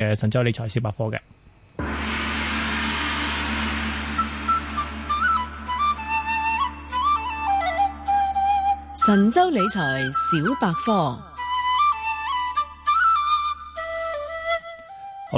誒，神州理財小百科嘅神州理財小百科。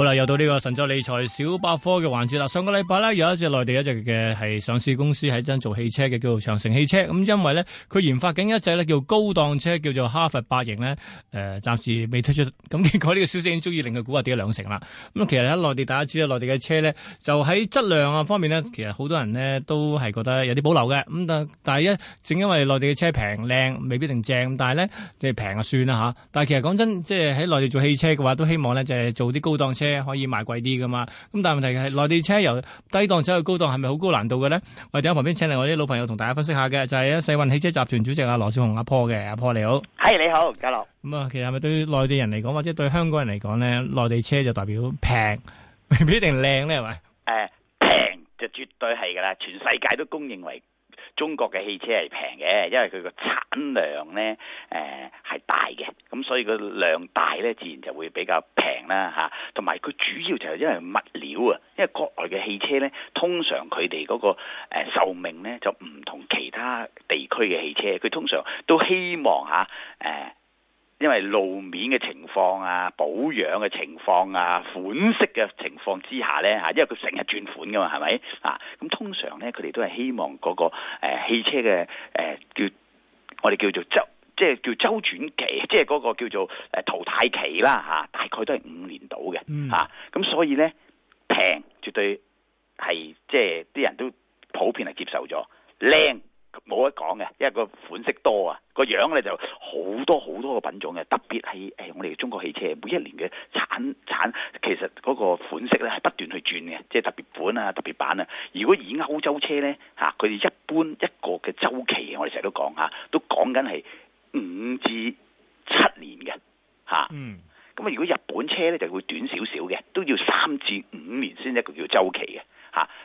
好啦，又到呢個神州理財小百科嘅環節啦。上個禮拜呢，有一隻內地一隻嘅係上市公司喺真做汽車嘅，叫做長城汽車。咁因為呢，佢研發緊一隻呢，叫高檔車，叫做哈佛八型呢，誒、呃，暫時未推出。咁結果呢個消息已經足以令佢股價跌咗兩成啦。咁其實喺內地大家知道內地嘅車呢，就喺質量啊方面呢，其實好多人呢，都係覺得有啲保留嘅。咁但但係一正因為內地嘅車平靚，未必定正。但係呢，即係平啊算啦吓。但係其實講真，即係喺內地做汽車嘅話，都希望呢，就係、是、做啲高檔車。可以賣貴啲噶嘛？咁但係問題係內地車由低檔走去高檔係咪好高難度嘅咧？我哋喺旁邊請嚟我啲老朋友同大家分析下嘅，就係啊世運汽車集團主席阿羅少雄阿波嘅阿波你好，係你好，嘉樂。咁啊，其實係咪對於內地人嚟講或者對香港人嚟講咧，內地車就代表平，未必一定靚咧係咪？誒，平、uh, 就絕對係噶啦，全世界都公認為。中國嘅汽車係平嘅，因為佢個產量呢誒係、呃、大嘅，咁所以個量大呢自然就會比較平啦嚇。同埋佢主要就係因為是物料啊，因為國內嘅汽車呢，通常佢哋嗰個誒壽命呢就唔同其他地區嘅汽車，佢通常都希望嚇誒。啊呃因為路面嘅情況啊、保養嘅情況啊、款式嘅情況之下咧嚇，因為佢成日轉款噶嘛，係咪啊？咁、啊、通常咧，佢哋都係希望嗰、嗰個、呃、汽車嘅、呃、叫我哋叫做周即係叫周轉期，即係嗰個叫做誒淘汰期啦、啊、大概都係五年到嘅嚇。咁所以咧，平絕對係即係啲人都普遍係接受咗，靚。冇得講嘅，因為個款式多啊，個樣咧就好多好多個品種嘅。特別係誒我哋中國汽車，每一年嘅產產，其實嗰個款式咧係不斷去轉嘅，即係特別款啊、特別版啊。如果以歐洲車咧嚇，佢哋一般一個嘅週期，我哋成日都講嚇，都講緊係五至七年嘅嚇。嗯，咁啊，如果日本車咧就會短少少嘅，都要三至五年先一個叫週期嘅。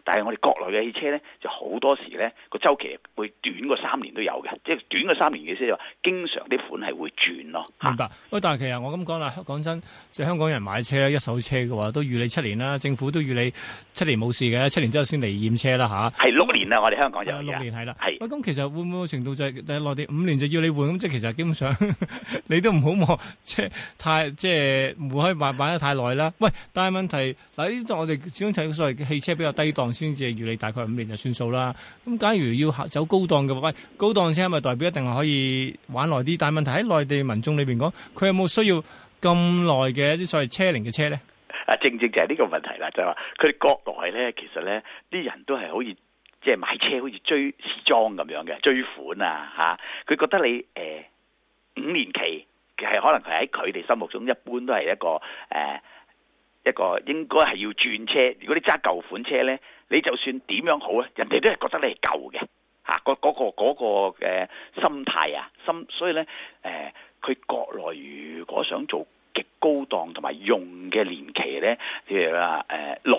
但係我哋國內嘅汽車咧，就好多時咧個周期會短過三年都有嘅，即係短過三年嘅意思就係話，經常啲款係會轉咯。明白？喂，但係其實我咁講啦，講真，即係香港人買車，一手車嘅話都預你七年啦，政府都預你七年冇事嘅，七年之後先嚟驗車啦嚇。係六年啦，我哋香港就六年係啦。係。喂，咁其實會唔會程度就係內地五年就要你換咁，即係其實基本上 你都唔好望即係太即係唔可以買，買得太耐啦。喂，但係問題嗱，呢度我哋始終睇所謂嘅汽車比較。低檔先至預你大概五年就算數啦。咁假如要走高檔嘅話，高檔車咪代表一定係可以玩耐啲。但係問題喺內地民眾裏邊講，佢有冇需要咁耐嘅一啲所謂車齡嘅車呢？啊，正正就係呢個問題啦，就係話佢哋國內呢，其實呢啲人都係好似即係買車好似追時裝咁樣嘅，追款啊嚇。佢、啊、覺得你誒五、呃、年期其實可能係喺佢哋心目中一般都係一個誒。呃一個應該係要轉車，如果你揸舊款車呢，你就算點樣好啊，人哋都係覺得你係舊嘅嚇。嗰、啊、嗰、嗰個、嗰個嘅、呃、心態啊，心所以呢，誒、呃，佢國內如果想做極高檔同埋用嘅年期呢，譬、呃、如、呃、啦誒，耐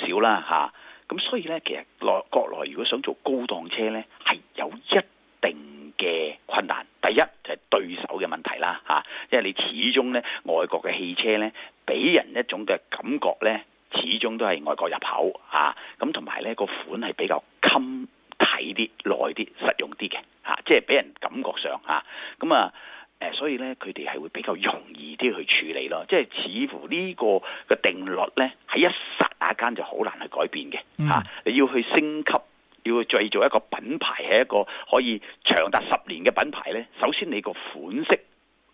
少少啦嚇。咁所以呢，其實內國內如果想做高檔車呢，係有一定嘅困難。第一就係、係、對手嘅問題啦嚇、啊，因為你始終呢，外國嘅汽車呢。俾人一種嘅感覺咧，始終都係外國入口啊！咁同埋咧個款係比較襟睇啲、耐啲、實用啲嘅嚇，即係俾人感覺上嚇咁啊誒、啊，所以咧佢哋係會比較容易啲去處理咯、啊。即係似乎呢個嘅定律咧，喺一剎那間就好難去改變嘅嚇、嗯啊。你要去升級，要去製造一個品牌係一個可以長達十年嘅品牌咧，首先你個款式、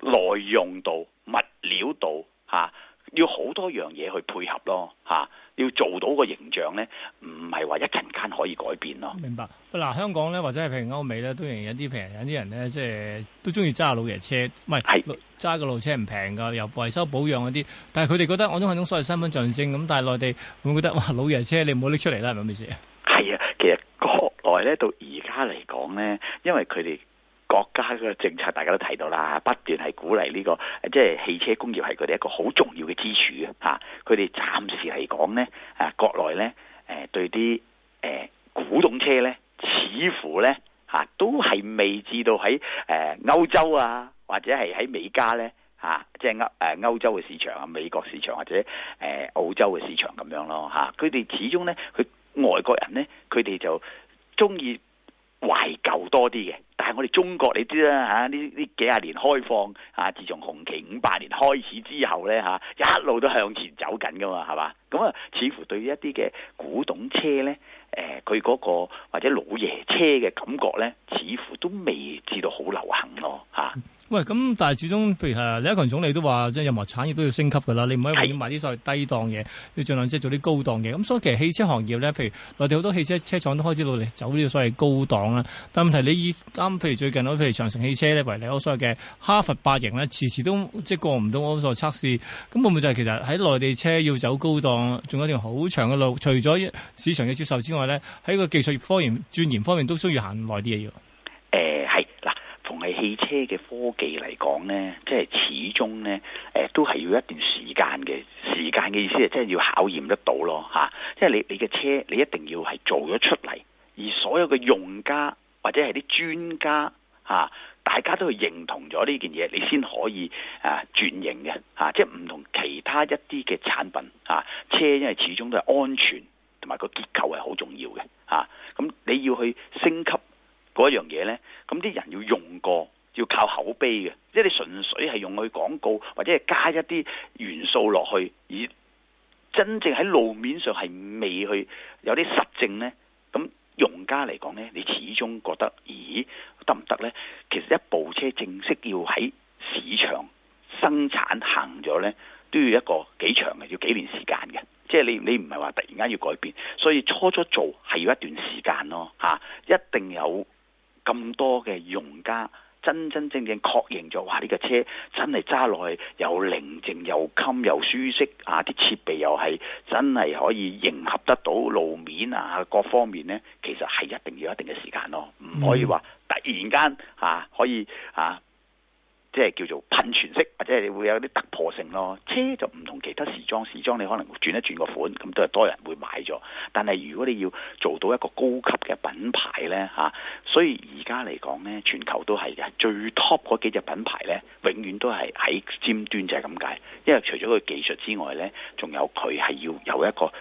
耐用度、物料度嚇。啊。要好多樣嘢去配合咯，吓，要做到個形象咧，唔係話一陣間可以改變咯。明白嗱，香港咧或者係譬如歐美咧，都仍然有啲平，有啲人咧即係都中意揸下老爺車，唔係揸個老車唔平噶，又維修保養嗰啲，但係佢哋覺得我有一種我種所謂身份象徵咁，但係內地會唔會覺得哇，老爺車你唔好拎出嚟啦，係咪咩意思啊？係啊，其實國內咧到而家嚟講咧，因為佢哋。國家嘅政策大家都睇到啦，不斷係鼓勵呢、呢個，即係汽車工業係佢哋一個好重要嘅支柱啊！嚇，佢哋暫時嚟講咧，啊，國內咧，誒、呃、對啲誒、呃、古董車咧，似乎咧嚇、啊、都係未至到喺誒歐洲啊，或者係喺美加咧嚇、啊，即係歐誒歐洲嘅市場啊、美國市場或者誒澳、呃、洲嘅市場咁樣咯嚇。佢、啊、哋始終咧，佢外國人咧，佢哋就中意。懷舊多啲嘅，但係我哋中國你知啦吓，呢、啊、呢幾廿年開放啊，自從紅旗五八年開始之後呢，吓、啊，一路都向前走緊噶嘛，係嘛？咁啊，似乎對一啲嘅古董車呢，佢、呃、嗰、嗰個或者老爺車嘅感覺呢，似乎都未至到好流行咯，吓、啊。喂，咁但係始終，譬如誒，李克強總理都話，即係任何產業都要升級噶啦，你唔可以永遠賣啲所謂低檔嘢，要儘量即係做啲高檔嘢。咁、嗯、所以其實汽車行業咧，譬如內地好多汽車車廠都開始努力走呢啲所謂高檔啦。但問題你以啱譬如最近，譬如長城汽車咧為例，我所謂嘅哈弗八型呢，遲遲都即係過唔到安坐測試。咁會唔會就係其實喺內地車要走高檔，仲有一條好長嘅路？除咗市場嘅接受之外呢，喺個技術科研鑽研方面都需要行耐啲嘢要。嘅科技嚟講咧，即係始終咧，誒都係要一段時間嘅時間嘅意思，即係要考驗得到咯吓。即係你你嘅車，你一定要係做咗出嚟，而所有嘅用家或者係啲專家吓，大家都去認同咗呢件嘢，你先可以啊轉型嘅吓。即係唔同其他一啲嘅產品吓，車因為始終都係安全同埋個結構係好重要嘅吓。咁你要去升級嗰樣嘢咧，咁啲人要用過。要靠口碑嘅，即係你純粹係用佢廣告，或者係加一啲元素落去，而真正喺路面上係未去有啲實證呢。咁用家嚟講呢，你始終覺得，咦，得唔得呢？其實一部車正式要喺市場生產行咗呢，都要一個幾長嘅，要幾年時間嘅。即係你你唔係話突然間要改變，所以初初做係要一段時間咯。吓，一定有咁多嘅用家。真真正正確認咗話，呢個車真係揸落去又寧靜又襟又舒適，啊！啲設備又係真係可以迎合得到路面啊各方面呢。其實係一定要一定嘅時間咯，唔可以話突然間嚇，啊、可以嚇。啊即係叫做噴泉式，或者你會有啲突破性咯。車就唔同其他時裝，時裝你可能轉一轉個款，咁都係多人會買咗。但係如果你要做到一個高級嘅品牌呢，吓、啊，所以而家嚟講呢，全球都係嘅最 top 嗰幾隻品牌呢，永遠都係喺尖端就係咁解。因為除咗個技術之外呢，仲有佢係要有一個。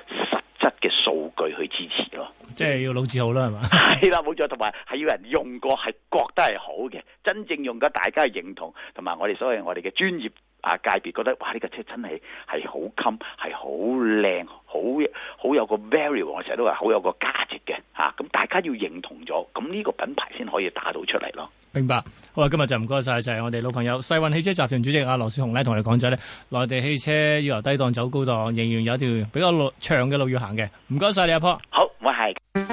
嘅數據去支持咯，即係要老字號啦，係嘛？係 啦，冇錯。同埋係要人用過，係覺得係好嘅，真正用咗大家嘅認同，同埋我哋所謂我哋嘅專業。啊！界別覺得哇！呢、這、架、個、車真係係好襟，係好靚，好好有個 value。我成日都話好有個價值嘅嚇。咁、啊嗯、大家要認同咗，咁、嗯、呢、這個品牌先可以打到出嚟咯。明白。好啊，今日就唔該晒，就係我哋老朋友世運汽車集團主席阿羅少雄咧，同我哋講咗咧，內地汽車要由低檔走高檔，仍然有一條比較長嘅路要行嘅。唔該晒，你阿婆。好，我係。